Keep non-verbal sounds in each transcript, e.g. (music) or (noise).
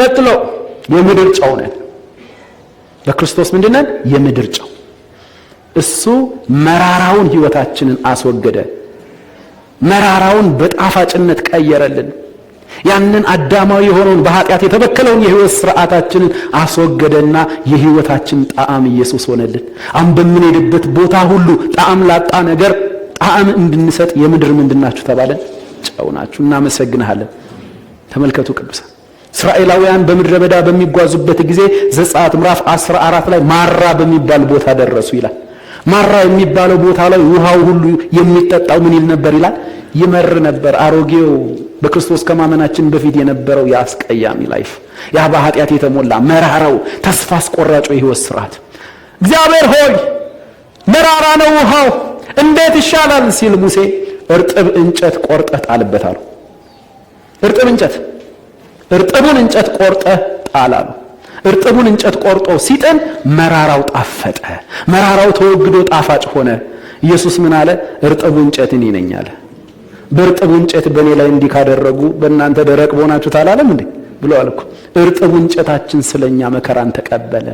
ቀጥሎ የምድር ጨው ነን። ለክርስቶስ ምንድን ነን? የምድር ጨው። እሱ መራራውን ህይወታችንን አስወገደ። መራራውን በጣፋጭነት ቀየረልን። ያንን አዳማዊ የሆነውን በኃጢአት የተበከለውን የህይወት ስርዓታችንን አስወገደና የህይወታችን ጣዕም ኢየሱስ ሆነልን። አሁን በምንሄድበት ቦታ ሁሉ ጣዕም ላጣ ነገር ጣዕም እንድንሰጥ የምድር ምንድናችሁ ተባለን? ጨው ናችሁ። እናመሰግንሃለን። ተመልከቱ ቅዱሳን እስራኤላውያን በምድረ በዳ በሚጓዙበት ጊዜ ዘጸአት ምዕራፍ 14 ላይ ማራ በሚባል ቦታ ደረሱ ይላል። ማራ የሚባለው ቦታ ላይ ውሃው ሁሉ የሚጠጣው ምን ይል ነበር ይላል? ይመር ነበር። አሮጌው በክርስቶስ ከማመናችን በፊት የነበረው ያ ላይፍ፣ ያ በኃጢአት የተሞላ መራራው ተስፋ አስቆራጮ የህይወት ስርዓት እግዚአብሔር ሆይ መራራ ነው ውሃው እንዴት ይሻላል ሲል ሙሴ እርጥብ እንጨት ቆርጠህ ጣልበት አለው። እርጥብ እንጨት እርጥቡን እንጨት ቆርጠ ጣላሉ። እርጥቡን እንጨት ቆርጦ ሲጥል መራራው ጣፈጠ፣ መራራው ተወግዶ ጣፋጭ ሆነ። ኢየሱስ ምን አለ? እርጥቡ እንጨት እኔ ነኝ አለ። በእርጥቡ እንጨት በእኔ ላይ እንዲህ ካደረጉ በእናንተ ደረቅ በሆናችሁ ታላለም እንዴ ብሎ አልኩ። እርጥቡ እንጨታችን ስለኛ መከራን ተቀበለ።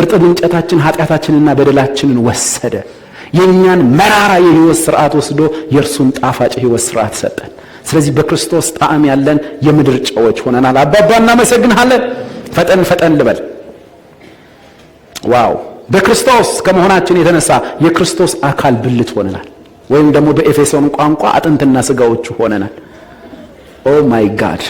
እርጥቡ እንጨታችን ኃጢአታችንና በደላችንን ወሰደ። የእኛን መራራ የህይወት ስርዓት ወስዶ የእርሱን ጣፋጭ የህይወት ስርዓት ሰጠን። ስለዚህ በክርስቶስ ጣዕም ያለን የምድር ጨዎች ሆነናል። አባባ እናመሰግንሃለን። ፈጠን ፈጠን ልበል። ዋው! በክርስቶስ ከመሆናችን የተነሳ የክርስቶስ አካል ብልት ሆነናል፣ ወይም ደግሞ በኤፌሶን ቋንቋ አጥንትና ስጋዎቹ ሆነናል። ኦ ማይ ጋድ!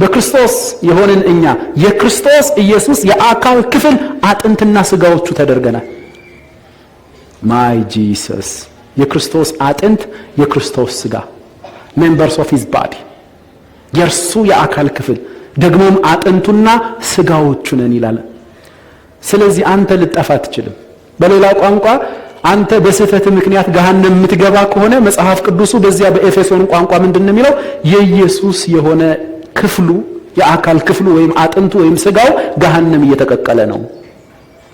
በክርስቶስ የሆንን እኛ የክርስቶስ ኢየሱስ የአካል ክፍል አጥንትና ስጋዎቹ ተደርገናል። ማይ ጂሰስ! የክርስቶስ አጥንት፣ የክርስቶስ ስጋ ሜምበርስ ኦፍ ሂዝ ባዲ የእርሱ የአካል ክፍል ደግሞም አጥንቱና ስጋዎቹ ነን ይላል። ስለዚህ አንተ ልጠፋ አትችልም። በሌላ ቋንቋ አንተ በስህተት ምክንያት ገሃነም የምትገባ ከሆነ መጽሐፍ ቅዱሱ በዚያ በኤፌሶን ቋንቋ ምንድን ነው የሚለው? የኢየሱስ የሆነ ክፍሉ የአካል ክፍሉ ወይም አጥንቱ ወይም ስጋው ገሃነም እየተቀቀለ ነው።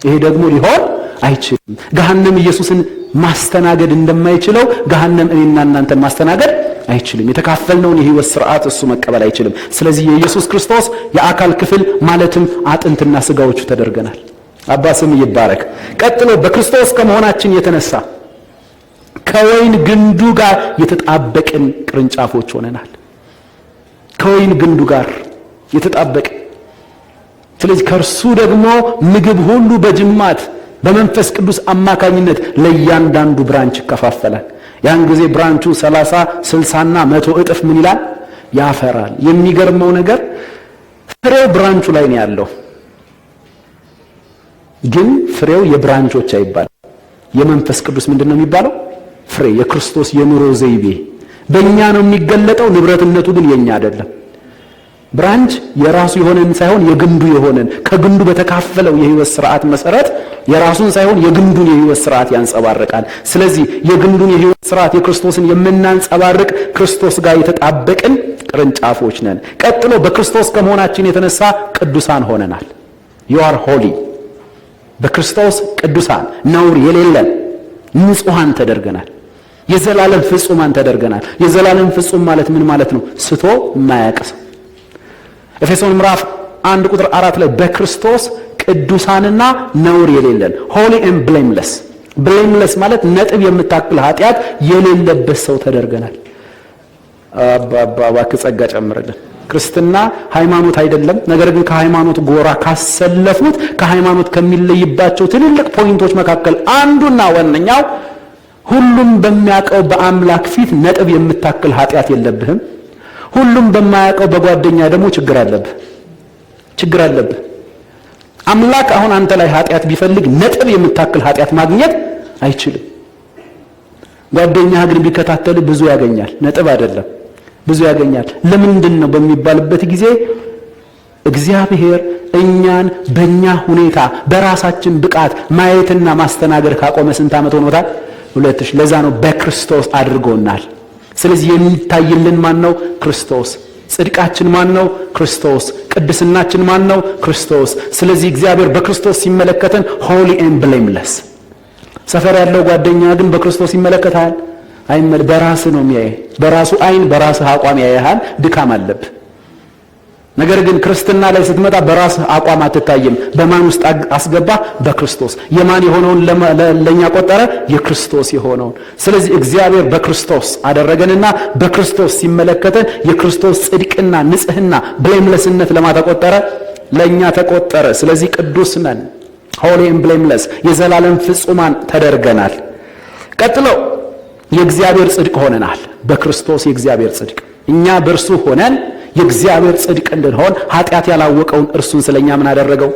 ይሄ ደግሞ ሊሆን አይችልም። ገሃነም ኢየሱስን ማስተናገድ እንደማይችለው ገሃነም እኔና እናንተን ማስተናገድ አይችልም። የተካፈልነውን የህይወት ስርዓት እሱ መቀበል አይችልም። ስለዚህ የኢየሱስ ክርስቶስ የአካል ክፍል ማለትም አጥንትና ስጋዎቹ ተደርገናል። አባ ስም ይባረክ። ቀጥሎ በክርስቶስ ከመሆናችን የተነሳ ከወይን ግንዱ ጋር የተጣበቅን ቅርንጫፎች ሆነናል። ከወይን ግንዱ ጋር የተጣበቅን ስለዚህ ከእርሱ ደግሞ ምግብ ሁሉ በጅማት በመንፈስ ቅዱስ አማካኝነት ለእያንዳንዱ ብራንች ይከፋፈላል። ያን ጊዜ ብራንቹ 30 60 እና 100 እጥፍ ምን ይላል ያፈራል። የሚገርመው ነገር ፍሬው ብራንቹ ላይ ነው ያለው፣ ግን ፍሬው የብራንቾች አይባል። የመንፈስ ቅዱስ ምንድን ነው የሚባለው? ፍሬ የክርስቶስ የኑሮ ዘይቤ በእኛ ነው የሚገለጠው። ንብረትነቱ ግን የኛ አይደለም። ብራንች የራሱ የሆነን ሳይሆን የግንዱ የሆነን ከግንዱ በተካፈለው የህይወት ስርዓት መሰረት የራሱን ሳይሆን የግንዱን የህይወት ስርዓት ያንጸባርቃል። ስለዚህ የግንዱን የህይወት ስርዓት የክርስቶስን የምናንጸባርቅ ክርስቶስ ጋር የተጣበቅን ቅርንጫፎች ነን። ቀጥሎ በክርስቶስ ከመሆናችን የተነሳ ቅዱሳን ሆነናል። ዩ ሆሊ በክርስቶስ ቅዱሳን ነውር የሌለን ንጹሐን ተደርገናል። የዘላለም ፍጹማን ተደርገናል። የዘላለም ፍጹም ማለት ምን ማለት ነው? ስቶ የማያቅስ ኤፌሶን ምዕራፍ አንድ ቁጥር አራት ላይ በክርስቶስ ቅዱሳንና ነውር የሌለን ሆሊ ኤንድ ብሌምለስ ብሌምለስ ማለት ነጥብ የምታክል ኃጢአት የሌለበት ሰው ተደርገናል። አባባ እባክህ ጸጋ ጨምርልን። ክርስትና ሃይማኖት አይደለም። ነገር ግን ከሃይማኖት ጎራ ካሰለፉት ከሃይማኖት ከሚለይባቸው ትልልቅ ፖይንቶች መካከል አንዱና ዋነኛው ሁሉም በሚያውቀው በአምላክ ፊት ነጥብ የምታክል ኃጢአት የለብህም ሁሉም በማያውቀው በጓደኛ ደግሞ ችግር አለብህ ችግር አለብህ። አምላክ አሁን አንተ ላይ ኃጢአት ቢፈልግ ነጥብ የምታክል ኃጢአት ማግኘት አይችልም። ጓደኛህ ግን ቢከታተል ብዙ ያገኛል፣ ነጥብ አይደለም ብዙ ያገኛል። ለምንድን ነው በሚባልበት ጊዜ እግዚአብሔር እኛን በእኛ ሁኔታ በራሳችን ብቃት ማየትና ማስተናገድ ካቆመ ስንት ዓመት ሆኖታል? ሁለት ሺህ ለዛ ነው በክርስቶስ አድርጎናል። ስለዚህ የሚታይልን ማን ነው? ክርስቶስ። ጽድቃችን ማን ነው? ክርስቶስ። ቅድስናችን ማን ነው? ክርስቶስ። ስለዚህ እግዚአብሔር በክርስቶስ ሲመለከተን ሆሊ ኤምብሌምለስ ብሌምለስ። ሰፈር ያለው ጓደኛ ግን በክርስቶስ ይመለከታል? አይመል? በራስ ነው የሚያይ። በራሱ አይን፣ በራስህ አቋም ያያል። ድካም አለብህ። ነገር ግን ክርስትና ላይ ስትመጣ በራስ አቋም አትታይም። በማን ውስጥ አስገባ? በክርስቶስ። የማን የሆነውን ለኛ ቆጠረ? የክርስቶስ የሆነውን። ስለዚህ እግዚአብሔር በክርስቶስ አደረገንና በክርስቶስ ሲመለከተን የክርስቶስ ጽድቅና ንጽህና ብሌምለስነት ለማ ተቆጠረ? ለእኛ ተቆጠረ። ስለዚህ ቅዱስ ነን፣ ሆሊ ኤንድ ብሌምለስ፣ የዘላለም ፍጹማን ተደርገናል። ቀጥሎ የእግዚአብሔር ጽድቅ ሆነናል። በክርስቶስ የእግዚአብሔር ጽድቅ እኛ በእርሱ ሆነን የእግዚአብሔር ጽድቅ እንድንሆን ኃጢአት ያላወቀውን እርሱን ስለኛ ምን አደረገው?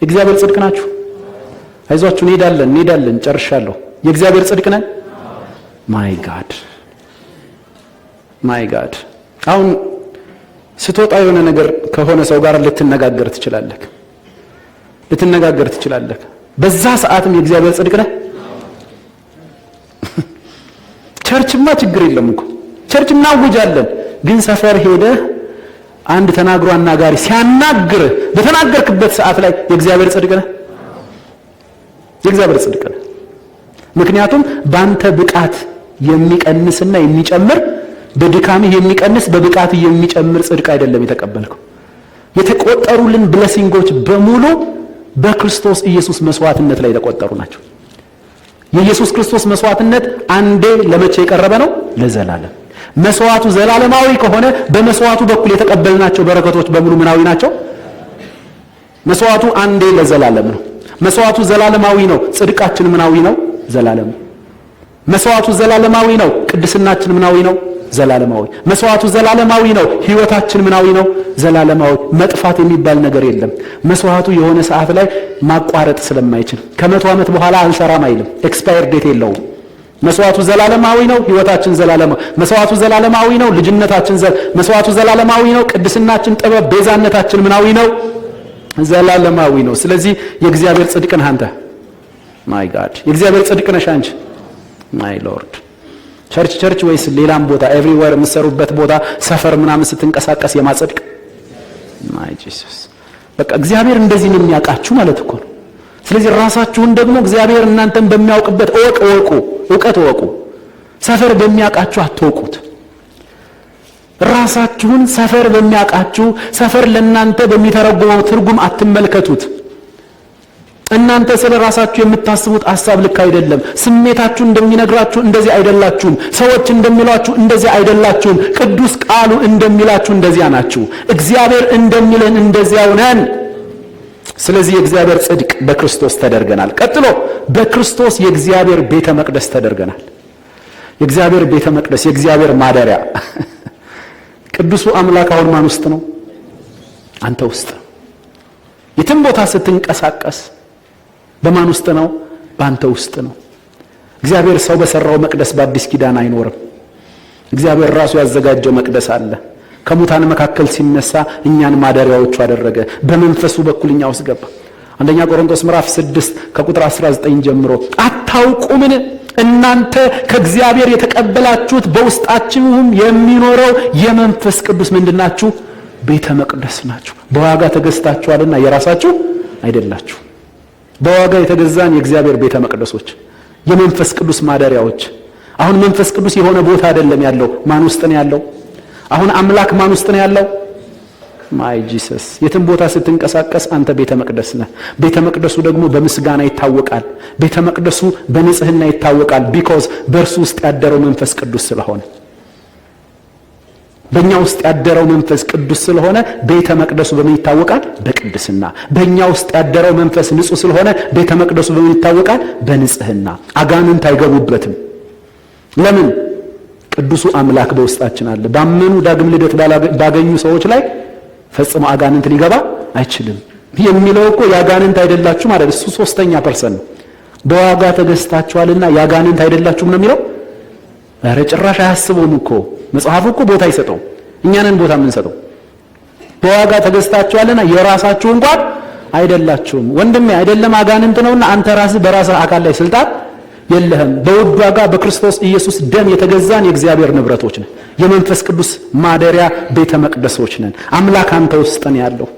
የእግዚአብሔር ጽድቅ ናችሁ። አይዟችሁ፣ እንሄዳለን እንሄዳለን፣ ጨርሻለሁ። የእግዚአብሔር ጽድቅ ነን። ማይ ጋድ ማይ ጋድ። አሁን ስትወጣ የሆነ ነገር ከሆነ ሰው ጋር ልትነጋገር ትችላለህ፣ ልትነጋገር ትችላለህ። በዛ ሰዓትም የእግዚአብሔር ጽድቅ ነህ። ቸርችማ ችግር የለም እኮ ቸርች እናውጃለን፣ ግን ሰፈር ሄደህ አንድ ተናግሮ አናጋሪ ሲያናግር በተናገርክበት ሰዓት ላይ የእግዚአብሔር ጽድቅ ነህ፣ የእግዚአብሔር ጽድቅ ነህ። ምክንያቱም ባንተ ብቃት የሚቀንስና የሚጨምር በድካምህ የሚቀንስ በብቃት የሚጨምር ጽድቅ አይደለም የተቀበልከው። የተቆጠሩልን ብለሲንጎች በሙሉ በክርስቶስ ኢየሱስ መስዋዕትነት ላይ የተቆጠሩ ናቸው። የኢየሱስ ክርስቶስ መስዋዕትነት አንዴ ለመቼ የቀረበ ነው? ለዘላለም መስዋዕቱ ዘላለማዊ ከሆነ በመስዋዕቱ በኩል የተቀበልናቸው በረከቶች በሙሉ ምናዊ ናቸው። መስዋዕቱ አንዴ ለዘላለም ነው። መስዋዕቱ ዘላለማዊ ነው። ጽድቃችን ምናዊ ነው፣ ዘላለም ነው። መስዋዕቱ ዘላለማዊ ነው። ቅድስናችን ምናዊ ነው፣ ዘላለማዊ። መስዋዕቱ ዘላለማዊ ነው። ህይወታችን ምናዊ ነው፣ ዘላለማዊ። መጥፋት የሚባል ነገር የለም። መስዋዕቱ የሆነ ሰዓት ላይ ማቋረጥ ስለማይችል ከመቶ ዓመት በኋላ አንሰራም አይልም። ኤክስፓየር ዴት የለውም። መስዋዕቱ ዘላለማዊ ነው። ህይወታችን ዘላለማዊ መስዋዕቱ ዘላለማዊ ነው። ልጅነታችን መስዋዕቱ ዘላለማዊ ነው። ቅድስናችን፣ ጥበብ፣ ቤዛነታችን ምናዊ ነው፣ ዘላለማዊ ነው። ስለዚህ የእግዚአብሔር ጽድቅ ነህ አንተ ማይ ጋድ የእግዚአብሔር ጽድቅ ነሽ አንቺ ማይ ሎርድ። ቸርች ቸርች ወይስ ሌላም ቦታ ኤቭሪዌር የምትሰሩበት ቦታ ሰፈር ምናምን ስትንቀሳቀስ የማጽድቅ ማይ ጂሰስ። በቃ እግዚአብሔር እንደዚህ ነው የሚያውቃችሁ ማለት እኮ ነው። ስለዚህ ራሳችሁን ደግሞ እግዚአብሔር እናንተን በሚያውቅበት እወቅ እወቁ እውቀት እወቁ። ሰፈር በሚያውቃችሁ አትወቁት። ራሳችሁን ሰፈር በሚያውቃችሁ ሰፈር ለእናንተ በሚተረጉመው ትርጉም አትመልከቱት። እናንተ ስለ ራሳችሁ የምታስቡት ሀሳብ ልክ አይደለም። ስሜታችሁ እንደሚነግራችሁ እንደዚህ አይደላችሁም። ሰዎች እንደሚሏችሁ እንደዚህ አይደላችሁም። ቅዱስ ቃሉ እንደሚላችሁ እንደዚያ ናችሁ። እግዚአብሔር እንደሚለን እንደዚያው ነን። ስለዚህ የእግዚአብሔር ጽድቅ በክርስቶስ ተደርገናል። ቀጥሎ በክርስቶስ የእግዚአብሔር ቤተ መቅደስ ተደርገናል። የእግዚአብሔር ቤተ መቅደስ፣ የእግዚአብሔር ማደሪያ (laughs) ቅዱሱ አምላክ አሁን ማን ውስጥ ነው? አንተ ውስጥ ነው። የትም ቦታ ስትንቀሳቀስ በማን ውስጥ ነው? በአንተ ውስጥ ነው። እግዚአብሔር ሰው በሰራው መቅደስ በአዲስ ኪዳን አይኖርም። እግዚአብሔር ራሱ ያዘጋጀው መቅደስ አለ። ከሙታን መካከል ሲነሳ እኛን ማደሪያዎቹ አደረገ። በመንፈሱ በኩል እኛ ውስጥ ገባ። አንደኛ ቆሮንቶስ ምዕራፍ 6 ከቁጥር 19 ጀምሮ አታውቁምን? እናንተ ከእግዚአብሔር የተቀበላችሁት በውስጣችሁም የሚኖረው የመንፈስ ቅዱስ ምንድናችሁ? ቤተ መቅደስ ናችሁ። በዋጋ ተገዝታችኋልና የራሳችሁ አይደላችሁ። በዋጋ የተገዛን የእግዚአብሔር ቤተ መቅደሶች፣ የመንፈስ ቅዱስ ማደሪያዎች። አሁን መንፈስ ቅዱስ የሆነ ቦታ አይደለም ያለው። ማን ውስጥ ነው ያለው? አሁን አምላክ ማን ውስጥ ነው ያለው? ማይ ጂሰስ። የትም ቦታ ስትንቀሳቀስ አንተ ቤተ መቅደስ ነህ። ቤተ መቅደሱ ደግሞ በምስጋና ይታወቃል። ቤተ መቅደሱ በንጽህና ይታወቃል። ቢኮዝ በእርሱ ውስጥ ያደረው መንፈስ ቅዱስ ስለሆነ በእኛ ውስጥ ያደረው መንፈስ ቅዱስ ስለሆነ ቤተ መቅደሱ በምን ይታወቃል? በቅድስና። በእኛ ውስጥ ያደረው መንፈስ ንጹህ ስለሆነ ቤተ መቅደሱ በምን ይታወቃል? በንጽህና። አጋንንት አይገቡበትም። ለምን? ቅዱሱ አምላክ በውስጣችን አለ። ባመኑ ዳግም ልደት ባገኙ ሰዎች ላይ ፈጽሞ አጋንንት ሊገባ አይችልም የሚለው እኮ የአጋንንት አይደላችሁም ማለት እሱ ሶስተኛ ፐርሰን ነው። በዋጋ ተገዝታችኋልና ያጋንንት አይደላችሁም ነው የሚለው። ኧረ ጭራሽ አያስበውም እኮ መጽሐፉ እኮ ቦታ አይሰጠው። እኛንን ቦታ የምንሰጠው በዋጋ ተገዝታችኋልና የራሳችሁ እንኳን አይደላችሁም። ወንድሜ አይደለም አጋንንት ነውና አንተ ራስህ በራስህ አካል ላይ ስልጣን የለህም። በውድ ዋጋ በክርስቶስ ኢየሱስ ደም የተገዛን የእግዚአብሔር ንብረቶች ነን። የመንፈስ ቅዱስ ማደሪያ ቤተ መቅደሶች ነን። አምላክ አንተ ውስጥ ነው ያለው።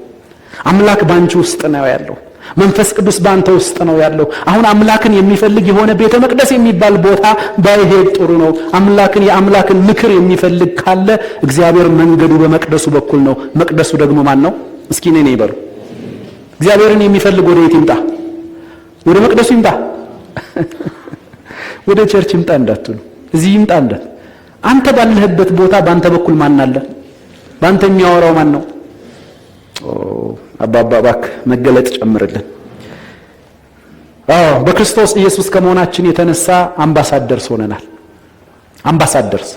አምላክ ባንቺ ውስጥ ነው ያለው። መንፈስ ቅዱስ በአንተ ውስጥ ነው ያለው። አሁን አምላክን የሚፈልግ የሆነ ቤተ መቅደስ የሚባል ቦታ ባይሄድ ጥሩ ነው። አምላክን የአምላክን ምክር የሚፈልግ ካለ እግዚአብሔር መንገዱ በመቅደሱ በኩል ነው። መቅደሱ ደግሞ ማን ነው? እስኪ እኔ ይበሉ። እግዚአብሔርን የሚፈልግ ወደ የት ይምጣ? ወደ መቅደሱ ይምጣ። ወደ ቸርች ይምጣ እንዳትሉ፣ እዚህ ይምጣ እንዳት አንተ ባለህበት ቦታ በአንተ በኩል ማን አለ? በአንተ የሚያወራው ማን ነው? አባባ እባክህ መገለጥ ጨምርልን። አዎ በክርስቶስ ኢየሱስ ከመሆናችን የተነሳ አምባሳደርስ ሆነናል። አምባሳደርስ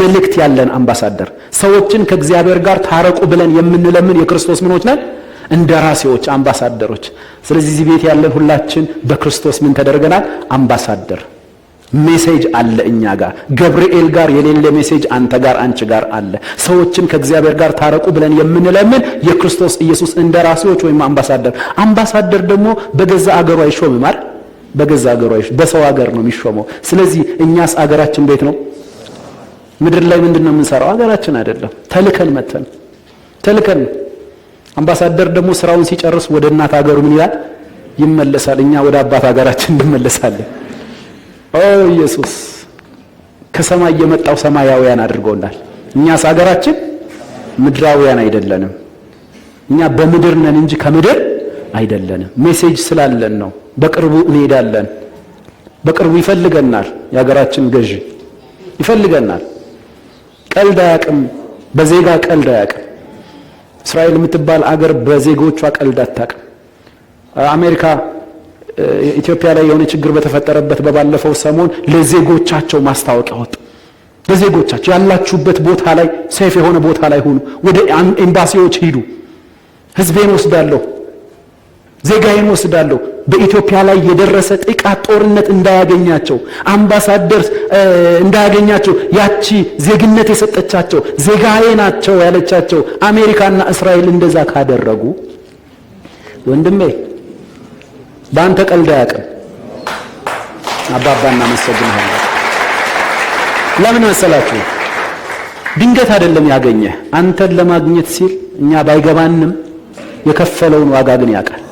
መልእክት ያለን አምባሳደር ሰዎችን ከእግዚአብሔር ጋር ታረቁ ብለን የምንለምን የክርስቶስ ምኖች ነን። ራሴዎች አምባሳደሮች። ስለዚህ እዚህ ቤት ያለን ሁላችን በክርስቶስ ምን ተደርገናል? አምባሳደር። ሜሴጅ አለ እኛ ጋር፣ ገብርኤል ጋር የሌለ ሜሴጅ አንተ ጋር አንቺ ጋር አለ። ሰዎችን ከእግዚአብሔር ጋር ታረቁ ብለን የምንለምን የክርስቶስ ኢየሱስ እንደራሴዎች ወይም አምባሳደር። አምባሳደር ደግሞ በገዛ አገሩ አይሾምም አይደል? በገዛ አገሩ አይሾም፣ በሰው አገር ነው የሚሾመው። ስለዚህ እኛስ አገራችን ቤት ነው። ምድር ላይ ምንድን ነው የምንሰራው? አገራችን አይደለም። ተልከን መተን ተልከን አምባሳደር ደግሞ ስራውን ሲጨርስ ወደ እናት ሀገሩ ምን ይላል? ይመለሳል። እኛ ወደ አባት ሀገራችን እንመለሳለን። ኦ ኢየሱስ ከሰማይ የመጣው ሰማያውያን አድርጎናል። እኛስ ሀገራችን ምድራውያን አይደለንም። እኛ በምድር ነን እንጂ ከምድር አይደለንም። ሜሴጅ ስላለን ነው። በቅርቡ እንሄዳለን። በቅርቡ ይፈልገናል። የሀገራችን ገዥ ይፈልገናል። ቀልድ አያውቅም። በዜጋ ቀልድ አያውቅም። እስራኤል የምትባል አገር በዜጎቿ ቀልድ አታውቅም። አሜሪካ ኢትዮጵያ ላይ የሆነ ችግር በተፈጠረበት በባለፈው ሰሞን ለዜጎቻቸው ማስታወቂያ ወጡ። ለዜጎቻቸው ያላችሁበት ቦታ ላይ ሴፍ የሆነ ቦታ ላይ ሁኑ፣ ወደ ኤምባሲዎች ሂዱ፣ ህዝቤን ወስዳለሁ ዜጋዬን ወስዳለሁ። በኢትዮጵያ ላይ የደረሰ ጥቃት ጦርነት እንዳያገኛቸው አምባሳደር እንዳያገኛቸው ያቺ ዜግነት የሰጠቻቸው ዜጋዬ ናቸው ያለቻቸው አሜሪካና እስራኤል እንደዛ ካደረጉ ወንድሜ በአንተ ቀልድ አያውቅም። አባባ እናመሰግናለን። ለምን መሰላችሁ? ድንገት አይደለም ያገኘህ። አንተን ለማግኘት ሲል እኛ ባይገባንም የከፈለውን ዋጋ ግን ያውቃል።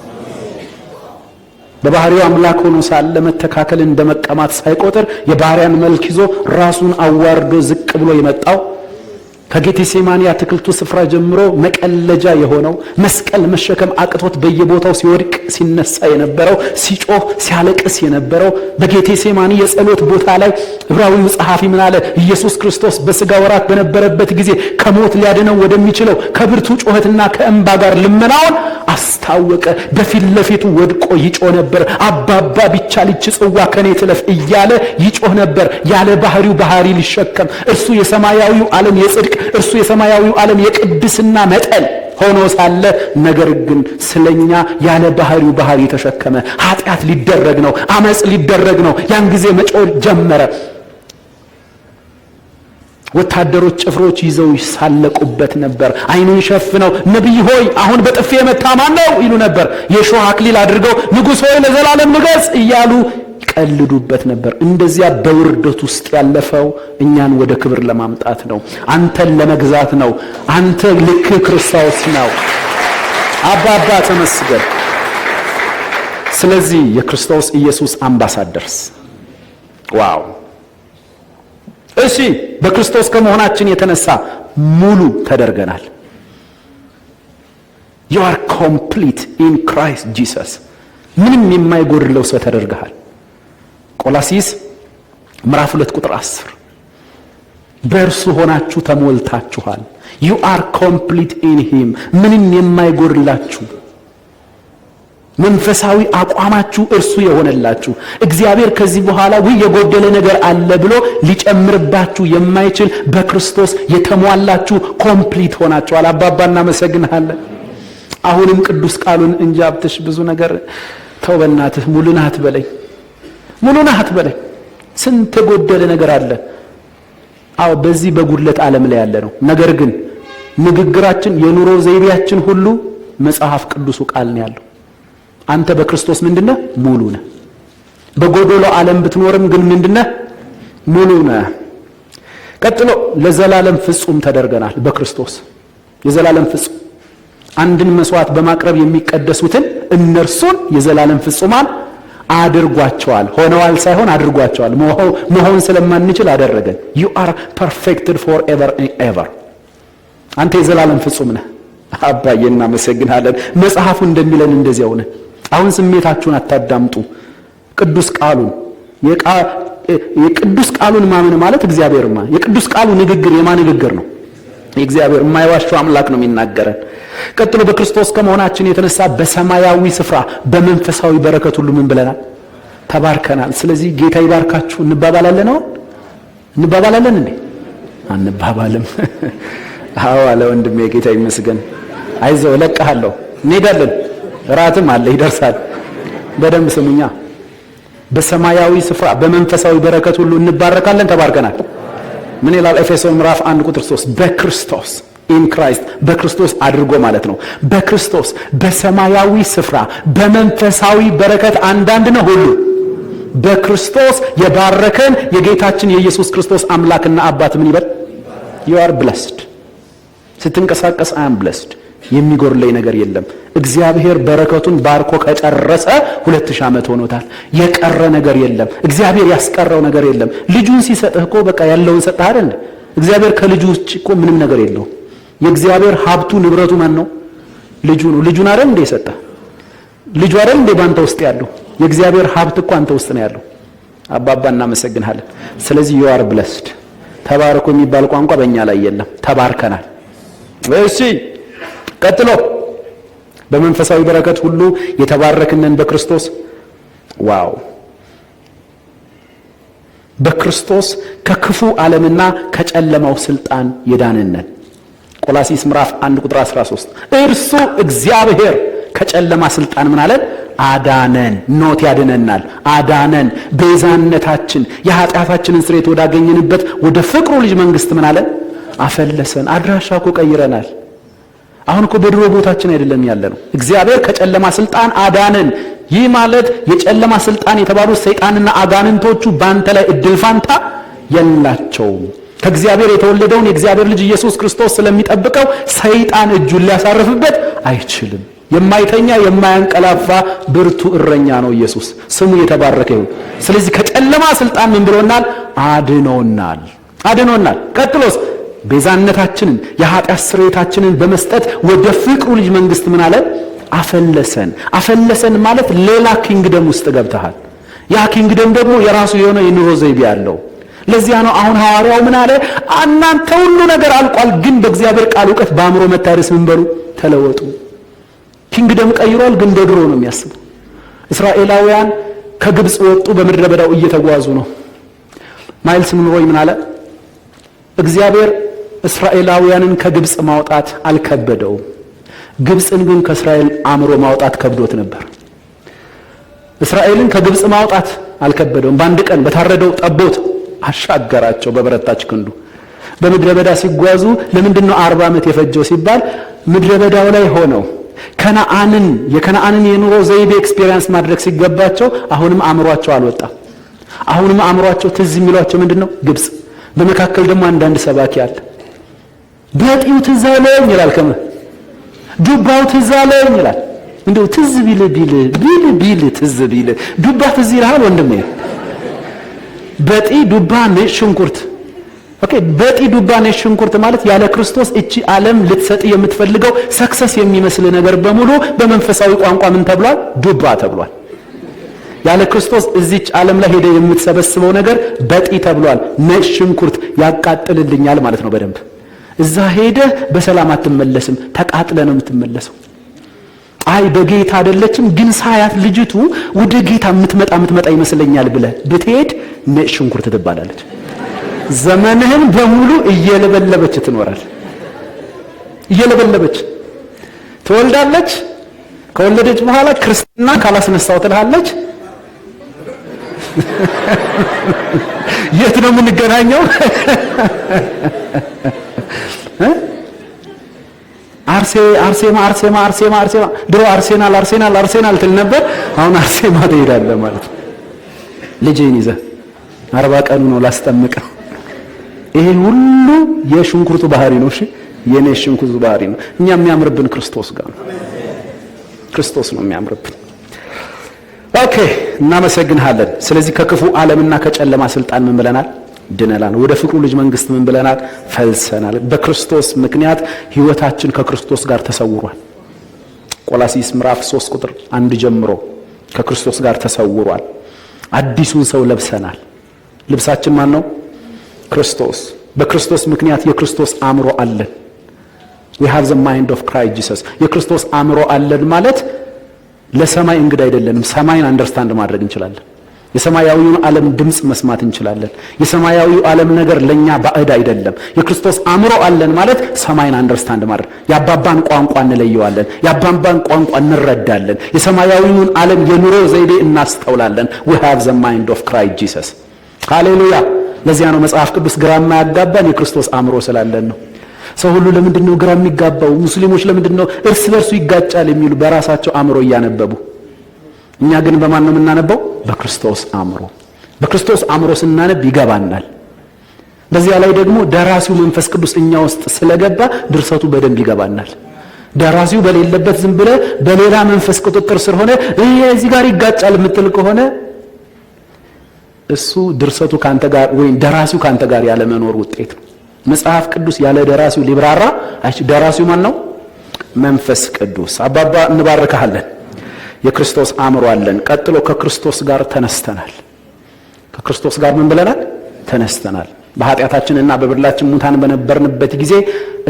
በባህሪው አምላክ ሆኖ ሳለ መተካከል እንደመቀማት ሳይቆጥር የባሪያን መልክ ይዞ ራሱን አዋርዶ ዝቅ ብሎ የመጣው ከጌቴሴማኒ አትክልቱ ስፍራ ጀምሮ መቀለጃ የሆነው መስቀል መሸከም አቅቶት በየቦታው ሲወድቅ ሲነሳ የነበረው ሲጮህ ሲያለቅስ የነበረው በጌቴሴማኒ የጸሎት ቦታ ላይ ዕብራዊው ጸሐፊ ምን አለ? ኢየሱስ ክርስቶስ በሥጋ ወራት በነበረበት ጊዜ ከሞት ሊያድነው ወደሚችለው ከብርቱ ጩኸትና ከእንባ ጋር ልመናውን አስታወቀ። በፊት ለፊቱ ወድቆ ይጮህ ነበር። አባባ ቢቻል ይህች ጽዋ ከኔ ትለፍ እያለ ይጮህ ነበር። ያለ ባህሪው ባህሪ ሊሸከም እርሱ የሰማያዊው ዓለም የጽድቅ እርሱ የሰማያዊው ዓለም የቅድስና መጠን ሆኖ ሳለ ነገር ግን ስለኛ ያለ ባህሪው ባህሪ የተሸከመ ኃጢአት ሊደረግ ነው፣ አመፅ ሊደረግ ነው። ያን ጊዜ መጮ ጀመረ። ወታደሮች ጭፍሮች ይዘው ይሳለቁበት ነበር። አይኑን ሸፍነው ነቢይ ሆይ አሁን በጥፊ የመታ ማን ነው ይሉ ነበር። የሾህ አክሊል አድርገው ንጉሥ ሆይ ለዘላለም ንገስ እያሉ ይቀልዱበት ነበር። እንደዚያ በውርደት ውስጥ ያለፈው እኛን ወደ ክብር ለማምጣት ነው። አንተን ለመግዛት ነው። አንተ ልክ ክርስቶስ ነው። አባባ ተመስገን። ስለዚህ የክርስቶስ ኢየሱስ አምባሳደርስ ዋው! እሺ፣ በክርስቶስ ከመሆናችን የተነሳ ሙሉ ተደርገናል። you are complete in Christ Jesus ምንም የማይጎድለው ሰው ተደርገሃል። ቆላሲስ ምዕራፍ ሁለት ቁጥር አስር በእርሱ ሆናችሁ ተሞልታችኋል። ዩ አር ኮምፕሊት ኢን ሂም ምንም የማይጎድላችሁ መንፈሳዊ አቋማችሁ እርሱ የሆነላችሁ እግዚአብሔር ከዚህ በኋላ ውይ የጎደለ ነገር አለ ብሎ ሊጨምርባችሁ የማይችል በክርስቶስ የተሟላችሁ ኮምፕሊት ሆናችኋል። አባባ እናመሰግንሃለን። አሁንም ቅዱስ ቃሉን እንጂ አብትሽ ብዙ ነገር ተው፣ በእናትህ ሙሉናት በለኝ። ሙሉ ነህ አትበለኝ። ስንት የጎደለ ነገር አለ። አዎ በዚህ በጉድለት ዓለም ላይ ያለ ነው። ነገር ግን ንግግራችን፣ የኑሮ ዘይቤያችን ሁሉ መጽሐፍ ቅዱሱ ቃል ነው ያለው። አንተ በክርስቶስ ምንድነህ? ሙሉ ነህ። በጎዶሎ ዓለም ብትኖርም ግን ምንድነህ? ሙሉ ነህ። ቀጥሎ ለዘላለም ፍጹም ተደርገናል በክርስቶስ የዘላለም ፍጹም አንድን መስዋዕት በማቅረብ የሚቀደሱትን እነርሱን የዘላለም ፍጹማን አድርጓቸዋል። ሆነዋል ሳይሆን አድርጓቸዋል። መሆን ስለማንችል አደረገን። ዩ አር ፐርፌክትድ ፎር ኤቨር ኤቨር። አንተ የዘላለም ፍጹም ነህ አባዬ፣ እናመሰግናለን። መጽሐፉ እንደሚለን እንደዚያው ነህ። አሁን ስሜታችሁን አታዳምጡ። ቅዱስ ቃሉን የቅዱስ ቃሉን ማመን ማለት እግዚአብሔርማ የቅዱስ ቃሉ ንግግር የማ ንግግር ነው። የእግዚአብሔር የማይዋሸው አምላክ ነው የሚናገረን። ቀጥሎ በክርስቶስ ከመሆናችን የተነሳ በሰማያዊ ስፍራ በመንፈሳዊ በረከት ሁሉ ምን ብለናል? ተባርከናል። ስለዚህ ጌታ ይባርካችሁ እንባባላለን። አሁን እንባባላለን እንዴ? አንባባልም። (laughs) አዎ አለ ወንድሜ። ጌታ ይመስገን። አይዞህ፣ እለቅሃለሁ። እንሄዳለን። እራትም አለ ይደርሳል። በደንብ ስሙኛ። በሰማያዊ ስፍራ በመንፈሳዊ በረከት ሁሉ እንባረካለን፣ ተባርከናል። ምን ይላል ኤፌሶን ምዕራፍ 1 ቁጥር 3 በክርስቶስ ኢን ክራይስት በክርስቶስ አድርጎ ማለት ነው። በክርስቶስ በሰማያዊ ስፍራ በመንፈሳዊ በረከት አንዳንድ ነው ሁሉ በክርስቶስ የባረከን የጌታችን የኢየሱስ ክርስቶስ አምላክና አባት ምን ይበል? you are blessed ስትንቀሳቀስ አይ አም ብለስድ የሚጎርለኝ ነገር የለም። እግዚአብሔር በረከቱን ባርኮ ከጨረሰ ሁለት ሺህ ዓመት ሆኖታል። የቀረ ነገር የለም። እግዚአብሔር ያስቀረው ነገር የለም። ልጁን ሲሰጥህ እኮ በቃ ያለውን ሰጠህ አይደል? እግዚአብሔር ከልጁ ውጭ እኮ ምንም ነገር የለውም። የእግዚአብሔር ሀብቱ ንብረቱ ማን ነው? ልጁ ነው። ልጁን አይደል እንደ የሰጠ ልጁ አይደል እንደ ባንተ ውስጥ ያለው የእግዚአብሔር ሀብት እኮ አንተ ውስጥ ነው ያለው። አባባ እናመሰግንሃለን። ስለዚህ ዩ አር ብለስድ ተባርኮ የሚባል ቋንቋ በእኛ ላይ የለም። ተባርከናል። እሺ ቀጥሎ በመንፈሳዊ በረከት ሁሉ የተባረክንን በክርስቶስ ዋው በክርስቶስ ከክፉ ዓለምና ከጨለማው ስልጣን የዳንነን ቆላሲስ ምዕራፍ 1 ቁጥር 13 እርሱ እግዚአብሔር ከጨለማ ስልጣን ምን አለን? አዳነን። ኖት ያድነናል፣ አዳነን። ቤዛነታችን የኃጢአታችንን ስሬት ወዳገኘንበት ወደ ፍቅሩ ልጅ መንግስት ምን አለን? አፈለሰን። አድራሻ እኮ ቀይረናል። አሁን እኮ በድሮ ቦታችን አይደለም ያለነው። እግዚአብሔር ከጨለማ ስልጣን አዳነን። ይህ ማለት የጨለማ ስልጣን የተባሉት ሰይጣንና አጋንንቶቹ ባንተ ላይ እድል ፋንታ የላቸውም። ከእግዚአብሔር የተወለደውን የእግዚአብሔር ልጅ ኢየሱስ ክርስቶስ ስለሚጠብቀው ሰይጣን እጁን ሊያሳርፍበት አይችልም። የማይተኛ የማያንቀላፋ ብርቱ እረኛ ነው ኢየሱስ፣ ስሙ የተባረከ ይሁን። ስለዚህ ከጨለማ ስልጣን ምን ብሎናል? አድኖናል፣ አድኖናል። ቀጥሎስ ቤዛነታችንን የኃጢአት ስርየታችንን በመስጠት ወደ ፍቅሩ ልጅ መንግስት ምን አለ? አፈለሰን። አፈለሰን ማለት ሌላ ኪንግደም ውስጥ ገብተሃል። ያ ኪንግደም ደግሞ የራሱ የሆነ የኑሮ ዘይቤ አለው። ለዚያ ነው አሁን ሐዋርያው ምን አለ? እናንተ ሁሉ ነገር አልቋል፣ ግን በእግዚአብሔር ቃል እውቀት በአእምሮ መታደስ ምን በሉ ተለወጡ። ኪንግደም ቀይሯል፣ ግን እንደ ድሮ ነው የሚያስቡ። እስራኤላውያን ከግብፅ ወጡ፣ በምድረ በዳው እየተጓዙ ነው። ማይልስ ሙንሮይ ምን አለ? እግዚአብሔር እስራኤላውያንን ከግብፅ ማውጣት አልከበደውም፣ ግብፅን ግን ከእስራኤል አእምሮ ማውጣት ከብዶት ነበር። እስራኤልን ከግብፅ ማውጣት አልከበደውም። በአንድ ቀን በታረደው ጠቦት አሻገራቸው በበረታች ክንዱ። በምድረ በዳ ሲጓዙ ለምንድን ነው አርባ ዓመት የፈጀው ሲባል ምድረ በዳው ላይ ሆነው ከነአንን የከነአንን የኑሮ ዘይቤ ኤክስፒሪየንስ ማድረግ ሲገባቸው አሁንም አእምሯቸው አልወጣም። አሁንም አእምሯቸው ትዝ የሚሏቸው ምንድን ነው ግብፅ። በመካከል ደግሞ አንዳንድ ሰባኪ አለ። በጢው ትዝ አለኝ ይላል፣ ከመ ዱባው ትዝ አለኝ ይላል። እንደው ትዝ ቢል ቢል ቢል ቢል ትዝ ቢል ዱባ ትዝ ይልሃል ወንድሜ። በጢ ዱባ ነጭ ሽንኩርት ኦኬ። በጢ ዱባ ነጭ ሽንኩርት ማለት ያለ ክርስቶስ እቺ ዓለም ልትሰጥ የምትፈልገው ሰክሰስ የሚመስል ነገር በሙሉ በመንፈሳዊ ቋንቋ ምን ተብሏል? ዱባ ተብሏል። ያለ ክርስቶስ እዚች ዓለም ላይ ሄደ የምትሰበስበው ነገር በጢ ተብሏል። ነጭ ሽንኩርት ያቃጥልልኛል ማለት ነው። በደንብ እዛ ሄደህ በሰላም አትመለስም፣ ተቃጥለ ነው የምትመለሰው። አይ በጌታ አይደለችም፣ ግን ሳያት ልጅቱ ወደ ጌታ የምትመጣ የምትመጣ ይመስለኛል ብለህ ብትሄድ ነጭ ሽንኩርት ትባላለች። ዘመንህን በሙሉ እየለበለበች ትኖራል። እየለበለበች ትወልዳለች። ከወለደች በኋላ ክርስትና ካላስነሳው ትልሃለች። (laughs) የት ነው የምንገናኘው? (laughs) አርሴማ አርሴማ አርሴማ አርሴማ። ድሮ አርሴናል አርሴናል አርሴናል ትል ነበር። አሁን አርሴማ ትሄዳለህ ማለት ነው ልጅህን ይዘህ አርባ ቀኑ ነው ላስጠምቀው። ይሄ ሁሉ የሽንኩርቱ ባህሪ ነው። እሺ የኔ ሽንኩርቱ ባህሪ ነው። እኛ የሚያምርብን ክርስቶስ ጋር ነው። ክርስቶስ ነው የሚያምርብን። ኦኬ፣ እናመሰግንሃለን። ስለዚህ ከክፉ ዓለምና ከጨለማ ስልጣን ምን ብለናል? ድነናል። ወደ ፍቅሩ ልጅ መንግስት ምን ብለናል? ፈልሰናል። በክርስቶስ ምክንያት ህይወታችን ከክርስቶስ ጋር ተሰውሯል። ቆላሲስ ምዕራፍ 3 ቁጥር አንድ ጀምሮ ከክርስቶስ ጋር ተሰውሯል። አዲሱን ሰው ለብሰናል። ልብሳችን ማን ነው? ክርስቶስ። በክርስቶስ ምክንያት የክርስቶስ አእምሮ አለን። we have the mind of Christ Jesus የክርስቶስ አእምሮ አለን ማለት ለሰማይ እንግዳ አይደለንም። ሰማይን አንደርስታንድ ማድረግ እንችላለን። የሰማያዊውን ዓለም ድምፅ መስማት እንችላለን። የሰማያዊው ዓለም ነገር ለኛ ባዕድ አይደለም። የክርስቶስ አእምሮ አለን ማለት ሰማይን አንደርስታንድ ማድረግ የአባባን ቋንቋ እንለየዋለን። የአባባን ቋንቋ እንረዳለን። የሰማያዊውን ዓለም የኑሮ ዘይቤ እናስተውላለን። we have the mind of Christ Jesus ሃሌሉያ። ለዚያ ነው መጽሐፍ ቅዱስ ግራ የማያጋባን የክርስቶስ አእምሮ ስላለን ነው። ሰው ሁሉ ለምንድን ነው ግራ የሚጋባው? ሙስሊሞች ለምንድን ነው እርስ በርሱ ይጋጫል የሚሉ በራሳቸው አእምሮ እያነበቡ፣ እኛ ግን በማን ነው የምናነበው? በክርስቶስ አእምሮ። በክርስቶስ አእምሮ ስናነብ ይገባናል። በዚያ ላይ ደግሞ ደራሲው መንፈስ ቅዱስ እኛ ውስጥ ስለገባ ድርሰቱ በደንብ ይገባናል። ደራሲው በሌለበት ዝም ብለ በሌላ መንፈስ ቁጥጥር ስር ሆነ እዚህ ጋር ይጋጫል የምትል ከሆነ እሱ ድርሰቱ ካንተ ጋር ወይም ደራሲው ካንተ ጋር ያለ መኖር ውጤት ነው። መጽሐፍ ቅዱስ ያለ ደራሲው ሊብራራ አይች ደራሲው ማን ነው? መንፈስ ቅዱስ። አባባ እንባርካለን። የክርስቶስ አእምሮ አለን። ቀጥሎ ከክርስቶስ ጋር ተነስተናል። ከክርስቶስ ጋር ምን ብለናል? ተነስተናል። በኃጢአታችንና በበደላችን ሙታን በነበርንበት ጊዜ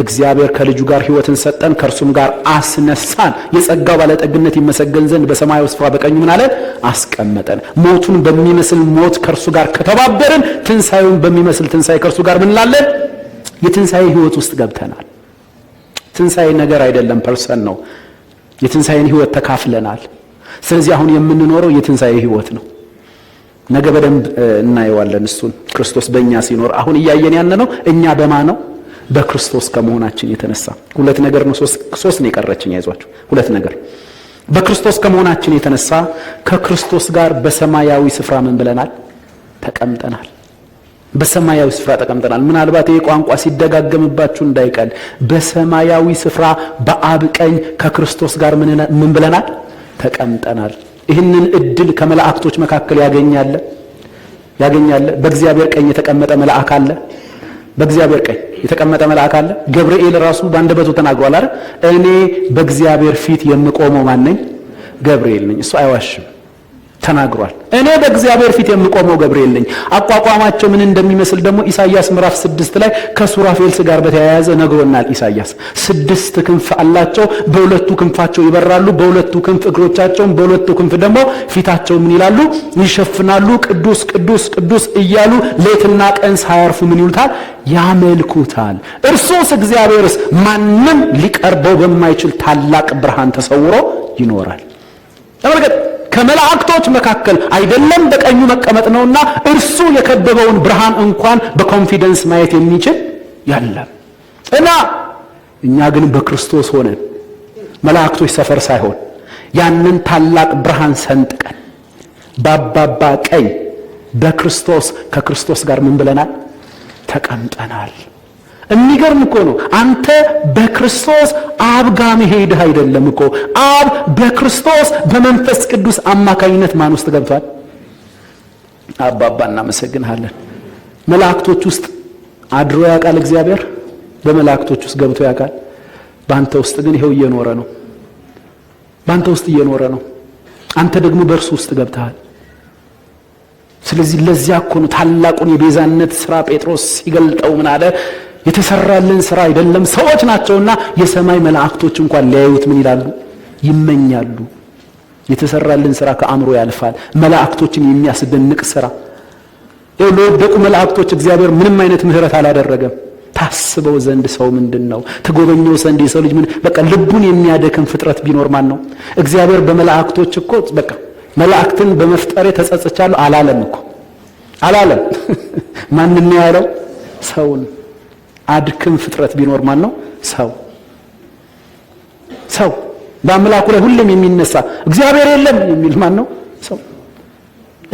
እግዚአብሔር ከልጁ ጋር ሕይወትን ሰጠን፣ ከእርሱም ጋር አስነሳን። የጸጋው ባለጠግነት ይመሰገን ዘንድ በሰማያዊ ስፍራ በቀኙ ምን አለን? አስቀመጠን። ሞቱን በሚመስል ሞት ከእርሱ ጋር ከተባበርን፣ ትንሣኤውን በሚመስል ትንሣኤ ከእርሱ ጋር ምንላለን? የትንሣኤ ሕይወት ውስጥ ገብተናል። ትንሣኤ ነገር አይደለም፣ ፐርሰን ነው። የትንሣኤን ሕይወት ተካፍለናል። ስለዚህ አሁን የምንኖረው የትንሣኤ ሕይወት ነው። ነገ በደንብ እናየዋለን። እሱን ክርስቶስ በእኛ ሲኖር አሁን እያየን ያለ ነው። እኛ በማ ነው በክርስቶስ ከመሆናችን የተነሳ ሁለት ነገር ነው። ሶስት ነው የቀረችኝ፣ አይዟችሁ። ሁለት ነገር በክርስቶስ ከመሆናችን የተነሳ ከክርስቶስ ጋር በሰማያዊ ስፍራ ምን ብለናል? ተቀምጠናል። በሰማያዊ ስፍራ ተቀምጠናል። ምናልባት ይህ ቋንቋ ሲደጋገምባችሁ እንዳይቀል በሰማያዊ ስፍራ በአብ ቀኝ ከክርስቶስ ጋር ምን ብለናል? ተቀምጠናል። ይህንን እድል ከመላእክቶች መካከል ያገኛለ ያገኛለ በእግዚአብሔር ቀኝ የተቀመጠ መልአክ አለ። በእግዚአብሔር ቀኝ የተቀመጠ መልአክ አለ። ገብርኤል ራሱ ባንደበቱ ተናግሯል አረ እኔ በእግዚአብሔር ፊት የምቆመው ማን ነኝ? ገብርኤል ነኝ። እሱ አይዋሽም። ተናግሯል። እኔ በእግዚአብሔር ፊት የምቆመው ገብርኤል ነኝ። አቋቋማቸው ምን እንደሚመስል ደግሞ ኢሳይያስ ምዕራፍ ስድስት ላይ ከሱራፌልስ ጋር በተያያዘ ነግሮናል። ኢሳይያስ ስድስት ክንፍ አላቸው፣ በሁለቱ ክንፋቸው ይበራሉ፣ በሁለቱ ክንፍ እግሮቻቸውን፣ በሁለቱ ክንፍ ደግሞ ፊታቸው ምን ይላሉ ይሸፍናሉ። ቅዱስ ቅዱስ ቅዱስ እያሉ ሌትና ቀን ሳያርፉ ምን ይሉታል ያመልኩታል። እርሱስ እግዚአብሔርስ ማንም ሊቀርበው በማይችል ታላቅ ብርሃን ተሰውሮ ይኖራል። ተመልከት ከመላእክቶች መካከል አይደለም በቀኙ መቀመጥ ነውና እርሱ የከበበውን ብርሃን እንኳን በኮንፊደንስ ማየት የሚችል ያለም እና እኛ ግን በክርስቶስ ሆነን መላእክቶች ሰፈር ሳይሆን ያንን ታላቅ ብርሃን ሰንጥቀን ባባባ ቀኝ በክርስቶስ ከክርስቶስ ጋር ምን ብለናል? ተቀምጠናል። የሚገርም እኮ ነው። አንተ በክርስቶስ አብ ጋር መሄድህ አይደለም እኮ አብ በክርስቶስ በመንፈስ ቅዱስ አማካኝነት ማን ውስጥ ገብቷል? አባባ እናመሰግንሃለን። መላእክቶች ውስጥ አድሮ ያውቃል እግዚአብሔር። በመላእክቶች ውስጥ ገብቶ ያውቃል። በአንተ ውስጥ ግን ይኸው እየኖረ ነው። በአንተ ውስጥ እየኖረ ነው። አንተ ደግሞ በእርሱ ውስጥ ገብተሃል። ስለዚህ ለዚያ እኮ ነው ታላቁን የቤዛነት ስራ ጴጥሮስ ሲገልጠው ምን አለ? የተሰራልን ስራ አይደለም። ሰዎች ናቸውና የሰማይ መላእክቶች እንኳን ሊያዩት ምን ይላሉ? ይመኛሉ። የተሰራልን ስራ ከአእምሮ ያልፋል። መላእክቶችን የሚያስደንቅ ስራ ለወደቁ መላእክቶች እግዚአብሔር ምንም አይነት ምሕረት አላደረገም። ታስበው ዘንድ ሰው ምንድን ነው ተጎበኘው ዘንድ የሰው ልጅ ምን በቃ ልቡን የሚያደክም ፍጥረት ቢኖር ማን ነው? እግዚአብሔር በመላእክቶች እኮ በቃ መላእክትን በመፍጠሬ ተጸጽቻለሁ አላለም እኮ አላለም። (laughs) ማንን ነው ያለው? ሰውን አድክም ፍጥረት ቢኖር ማን ነው? ሰው ሰው በአምላኩ ላይ ሁሌም የሚነሳ እግዚአብሔር የለም የሚል ማን ነው? ሰው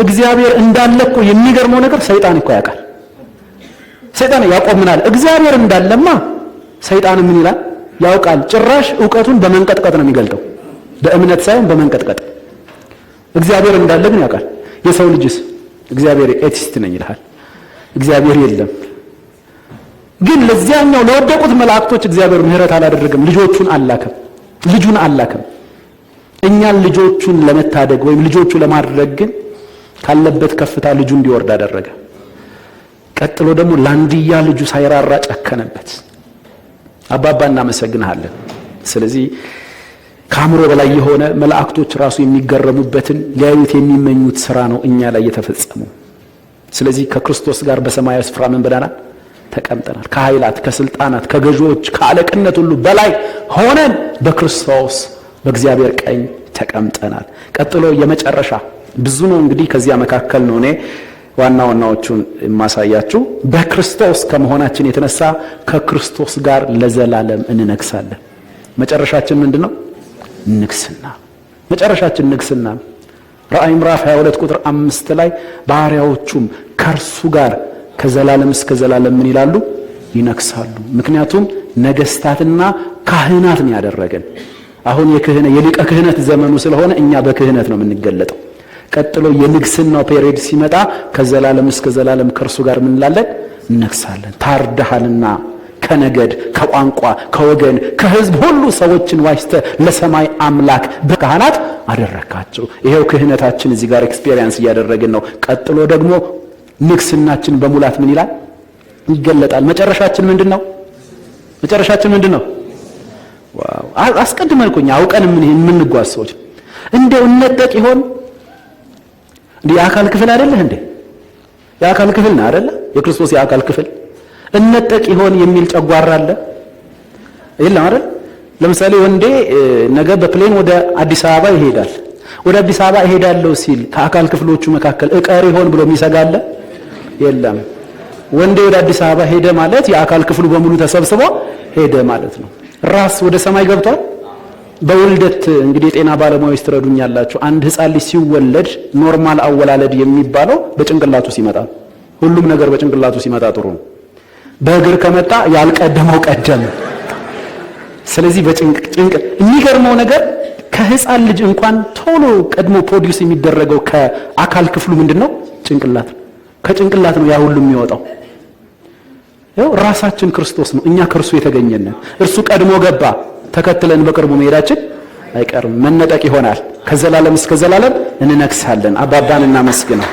እግዚአብሔር እንዳለ እኮ የሚገርመው ነገር ሰይጣን እኮ ያውቃል። ሰይጣን ያዕቆብ ምን አለ? እግዚአብሔር እንዳለማ ሰይጣን ምን ይላል? ያውቃል። ጭራሽ እውቀቱን በመንቀጥቀጥ ነው የሚገልጠው፣ በእምነት ሳይሆን በመንቀጥቀጥ። እግዚአብሔር እንዳለ ግን ያውቃል። የሰው ልጅስ እግዚአብሔር ኤቲስት ነኝ ይልሃል። እግዚአብሔር የለም ግን ለዚያኛው ለወደቁት መላእክቶች እግዚአብሔር ምሕረት አላደረገም። ልጆቹን አላከም፣ ልጁን አላከም። እኛን ልጆቹን ለመታደግ ወይም ልጆቹ ለማድረግ ግን ካለበት ከፍታ ልጁ እንዲወርድ አደረገ። ቀጥሎ ደግሞ ለአንድያ ልጁ ሳይራራ ጨከነበት። አባባ እናመሰግንሃለን። ስለዚህ ከአእምሮ በላይ የሆነ መላእክቶች ራሱ የሚገረሙበትን ሊያዩት የሚመኙት ስራ ነው እኛ ላይ የተፈጸመው። ስለዚህ ከክርስቶስ ጋር በሰማያዊ ስፍራ ምን ብለናል? ተቀምጠናል። ከኃይላት፣ ከስልጣናት፣ ከገዢዎች፣ ከአለቅነት ሁሉ በላይ ሆነን በክርስቶስ በእግዚአብሔር ቀኝ ተቀምጠናል። ቀጥሎ የመጨረሻ ብዙ ነው እንግዲህ ከዚያ መካከል ነው እኔ ዋና ዋናዎቹን የማሳያችሁ። በክርስቶስ ከመሆናችን የተነሳ ከክርስቶስ ጋር ለዘላለም እንነግሳለን። መጨረሻችን ምንድን ነው? ንግስና። መጨረሻችን ንግስና ነው። ራእይ ምዕራፍ 22 ቁጥር አምስት ላይ ባሪያዎቹም ከእርሱ ጋር ከዘላለም እስከ ዘላለም ምን ይላሉ? ይነግሳሉ። ምክንያቱም ነገስታትና ካህናት ነው ያደረገን። አሁን የክህነ የሊቀ ክህነት ዘመኑ ስለሆነ እኛ በክህነት ነው የምንገለጠው። ቀጥሎ የንግስናው ፔሬድ ሲመጣ ከዘላለም እስከ ዘላለም ከእርሱ ጋር ምንላለን? እነግሳለን። ታርዳሃልና ከነገድ ከቋንቋ ከወገን ከህዝብ ሁሉ ሰዎችን ዋጅተ ለሰማይ አምላክ በካህናት አደረካቸው። ይሄው ክህነታችን እዚህ ጋር ኤክስፔሪየንስ እያደረግን ነው። ቀጥሎ ደግሞ ንግስናችን በሙላት ምን ይላል ይገለጣል። መጨረሻችን ምንድን ነው? መጨረሻችን ምንድን ነው? ዋው አስቀድመን እኮ እኛ አውቀን ምን የምንጓዝ ሰዎች እንደው እነጠቅ ይሆን እንዴ? የአካል ክፍል አይደለህ እንዴ? የአካል ክፍል ነው አይደለ? የክርስቶስ የአካል ክፍል እነጠቅ ይሆን የሚል ጨጓራ አለ የለም አይደል? ለምሳሌ ወንዴ ነገ በፕሌን ወደ አዲስ አበባ ይሄዳል። ወደ አዲስ አበባ እሄዳለሁ ሲል ከአካል ክፍሎቹ መካከል እቀር ይሆን ብሎ የሚሰጋለ የለም። ወንዴ ወደ አዲስ አበባ ሄደ ማለት የአካል ክፍሉ በሙሉ ተሰብስቦ ሄደ ማለት ነው። ራስ ወደ ሰማይ ገብቷል። በውልደት እንግዲህ የጤና ባለሙያዎች ትረዱኛላችሁ። አንድ ህፃን ልጅ ሲወለድ ኖርማል አወላለድ የሚባለው በጭንቅላቱ ሲመጣ፣ ሁሉም ነገር በጭንቅላቱ ሲመጣ ጥሩ ነው። በእግር ከመጣ ያልቀደመው ቀደም። ስለዚህ በጭንቅ የሚገርመው ነገር ከህፃን ልጅ እንኳን ቶሎ ቀድሞ ፕሮዲውስ የሚደረገው ከአካል ክፍሉ ምንድን ነው? ጭንቅላት ነው። ከጭንቅላት ነው ያ ሁሉ የሚወጣው። ያው ራሳችን ክርስቶስ ነው። እኛ ከእርሱ የተገኘን እርሱ ቀድሞ ገባ። ተከትለን በቅርቡ መሄዳችን አይቀርም። መነጠቅ ይሆናል። ከዘላለም እስከ ዘላለም እንነግሳለን። አባባን እናመስግነው።